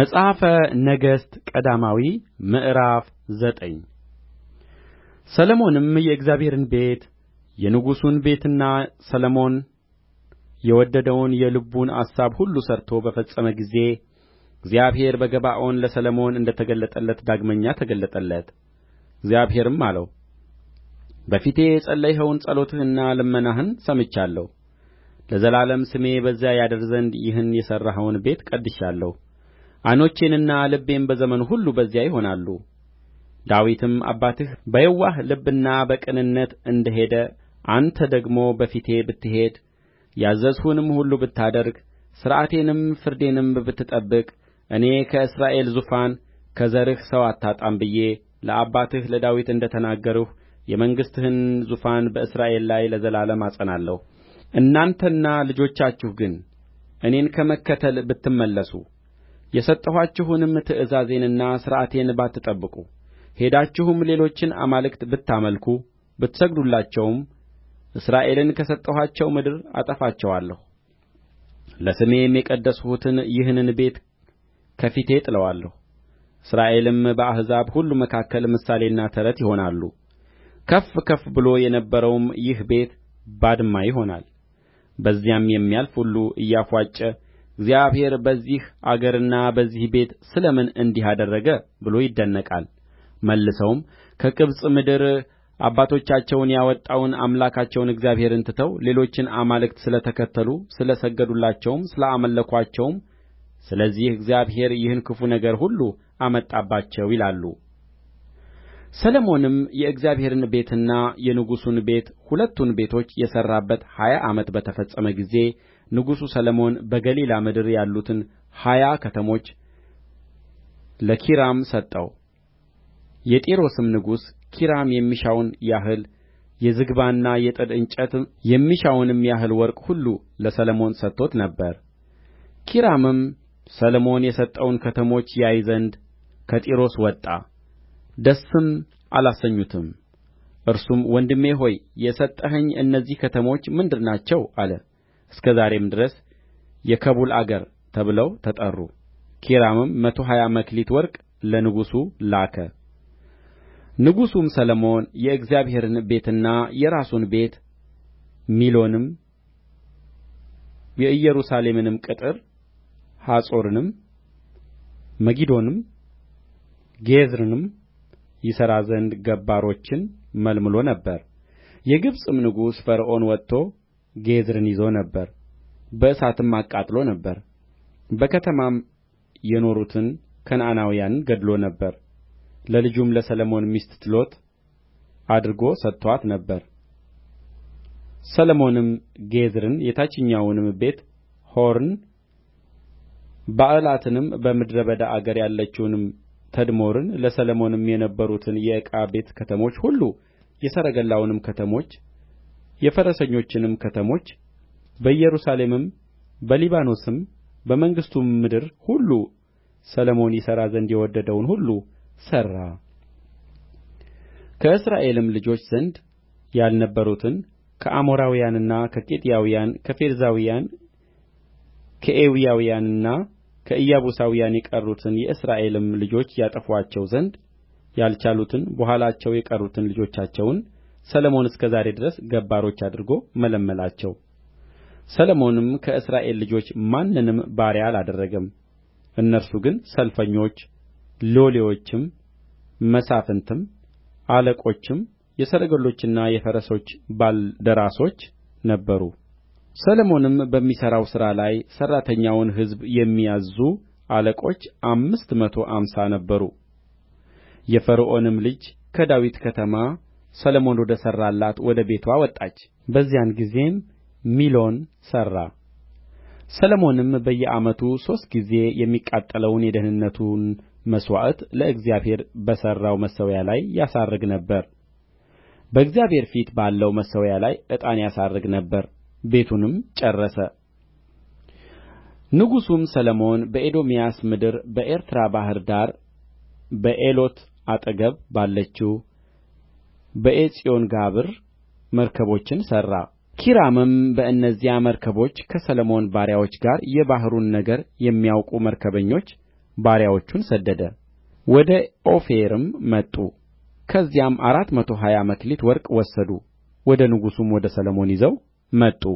መጽሐፈ ነገሥት ቀዳማዊ ምዕራፍ ዘጠኝ ሰሎሞንም የእግዚአብሔርን ቤት የንጉሡን ቤትና ሰሎሞን የወደደውን የልቡን አሳብ ሁሉ ሠርቶ በፈጸመ ጊዜ እግዚአብሔር በገባዖን ለሰሎሞን እንደ ተገለጠለት ዳግመኛ ተገለጠለት። እግዚአብሔርም አለው፣ በፊቴ የጸለይኸውን ጸሎትህንና ልመናህን ሰምቻለሁ። ለዘላለም ስሜ በዚያ ያድር ዘንድ ይህን የሠራኸውን ቤት ቀድሻለሁ ዓይኖቼንና ልቤን በዘመኑ ሁሉ በዚያ ይሆናሉ ዳዊትም አባትህ በየዋህ ልብና በቅንነት እንደ ሄደ አንተ ደግሞ በፊቴ ብትሄድ ያዘዝሁህንም ሁሉ ብታደርግ ሥርዓቴንም ፍርዴንም ብትጠብቅ እኔ ከእስራኤል ዙፋን ከዘርህ ሰው አታጣም ብዬ ለአባትህ ለዳዊት እንደ ተናገርሁ የመንግሥትህን ዙፋን በእስራኤል ላይ ለዘላለም አጸናለሁ እናንተና ልጆቻችሁ ግን እኔን ከመከተል ብትመለሱ የሰጠኋችሁንም ትእዛዜንና ሥርዓቴን ባትጠብቁ ሄዳችሁም ሌሎችን አማልክት ብታመልኩ ብትሰግዱላቸውም እስራኤልን ከሰጠኋቸው ምድር አጠፋቸዋለሁ ለስሜም የቀደስሁትን ይህን ቤት ከፊቴ እጥለዋለሁ እስራኤልም በአሕዛብ ሁሉ መካከል ምሳሌና ተረት ይሆናሉ ከፍ ከፍ ብሎ የነበረውም ይህ ቤት ባድማ ይሆናል በዚያም የሚያልፍ ሁሉ እያፏጨ እግዚአብሔር በዚህ አገርና በዚህ ቤት ስለ ምን እንዲህ አደረገ ብሎ ይደነቃል መልሰውም ከግብፅ ምድር አባቶቻቸውን ያወጣውን አምላካቸውን እግዚአብሔርን ትተው ሌሎችን አማልክት ስለ ተከተሉ ስለ ሰገዱላቸውም ስለ አመለኩአቸውም ስለዚህ እግዚአብሔር ይህን ክፉ ነገር ሁሉ አመጣባቸው ይላሉ ሰሎሞንም የእግዚአብሔርን ቤትና የንጉሡን ቤት ሁለቱን ቤቶች የሠራበት ሀያ ዓመት በተፈጸመ ጊዜ ንጉሡ ሰሎሞን በገሊላ ምድር ያሉትን ሀያ ከተሞች ለኪራም ሰጠው። የጢሮስም ንጉሥ ኪራም የሚሻውን ያህል የዝግባና የጥድ እንጨት የሚሻውንም ያህል ወርቅ ሁሉ ለሰሎሞን ሰጥቶት ነበር። ኪራምም ሰሎሞን የሰጠውን ከተሞች ያይ ዘንድ ከጢሮስ ወጣ፣ ደስም አላሰኙትም። እርሱም ወንድሜ ሆይ የሰጠኸኝ እነዚህ ከተሞች ምንድር ናቸው? አለ። እስከ ዛሬም ድረስ የከቡል አገር ተብለው ተጠሩ ኪራምም መቶ ሀያ መክሊት ወርቅ ለንጉሡ ላከ ንጉሡም ሰሎሞን የእግዚአብሔርን ቤትና የራሱን ቤት ሚሎንም የኢየሩሳሌምንም ቅጥር ሐጾርንም መጊዶንም ጌዝርንም ይሠራ ዘንድ ገባሮችን መልምሎ ነበር የግብጽም ንጉሥ ፈርዖን ወጥቶ ጌዝርን ይዞ ነበር በእሳትም አቃጥሎ ነበር በከተማም የኖሩትን ከነዓናውያንን ገድሎ ነበር ለልጁም ለሰሎሞን ሚስት ትሎት አድርጎ ሰጥቶአት ነበር ሰሎሞንም ጌዝርን የታችኛውንም ቤት ሖሮን ባዕላትንም በምድረ በዳ አገር ያለችውንም ተድሞርን ለሰሎሞንም የነበሩትን የዕቃ ቤት ከተሞች ሁሉ የሰረገላውንም ከተሞች የፈረሰኞችንም ከተሞች በኢየሩሳሌምም በሊባኖስም በመንግሥቱም ምድር ሁሉ ሰሎሞን ይሠራ ዘንድ የወደደውን ሁሉ ሠራ ከእስራኤልም ልጆች ዘንድ ያልነበሩትን ከአሞራውያንና ከኬጢያውያን ከፌርዛውያን ከኤዊያውያንና ከኢያቡሳውያን የቀሩትን የእስራኤልም ልጆች ያጠፉአቸው ዘንድ ያልቻሉትን በኋላቸው የቀሩትን ልጆቻቸውን ሰሎሞን እስከ ዛሬ ድረስ ገባሮች አድርጎ መለመላቸው ሰሎሞንም ከእስራኤል ልጆች ማንንም ባሪያ አላደረገም እነርሱ ግን ሰልፈኞች ሎሌዎችም መሳፍንትም አለቆችም የሰረገሎችና የፈረሶች ባልደራሶች ነበሩ ሰሎሞንም በሚሠራው ሥራ ላይ ሠራተኛውን ሕዝብ የሚያዝዙ አለቆች አምስት መቶ አምሳ ነበሩ የፈርዖንም ልጅ ከዳዊት ከተማ ሰሎሞን ወደ ሠራላት ወደ ቤትዋ ወጣች በዚያን ጊዜም ሚሎን ሠራ ሰሎሞንም በየዓመቱ ሦስት ጊዜ የሚቃጠለውን የደኅንነቱን መሥዋዕት ለእግዚአብሔር በሠራው መሠዊያ ላይ ያሳርግ ነበር በእግዚአብሔር ፊት ባለው መሠዊያ ላይ ዕጣን ያሳርግ ነበር ቤቱንም ጨረሰ ንጉሡም ሰሎሞን በኤዶምያስ ምድር በኤርትራ ባሕር ዳር በኤሎት አጠገብ ባለችው በዔጽዮንጋብር መርከቦችን ሠራ ኪራምም በእነዚያ መርከቦች ከሰሎሞን ባሪያዎች ጋር የባሕሩን ነገር የሚያውቁ መርከበኞች ባሪያዎቹን ሰደደ ወደ ኦፊርም መጡ ከዚያም አራት መቶ ሀያ መክሊት ወርቅ ወሰዱ ወደ ንጉሡም ወደ ሰሎሞን ይዘው መጡ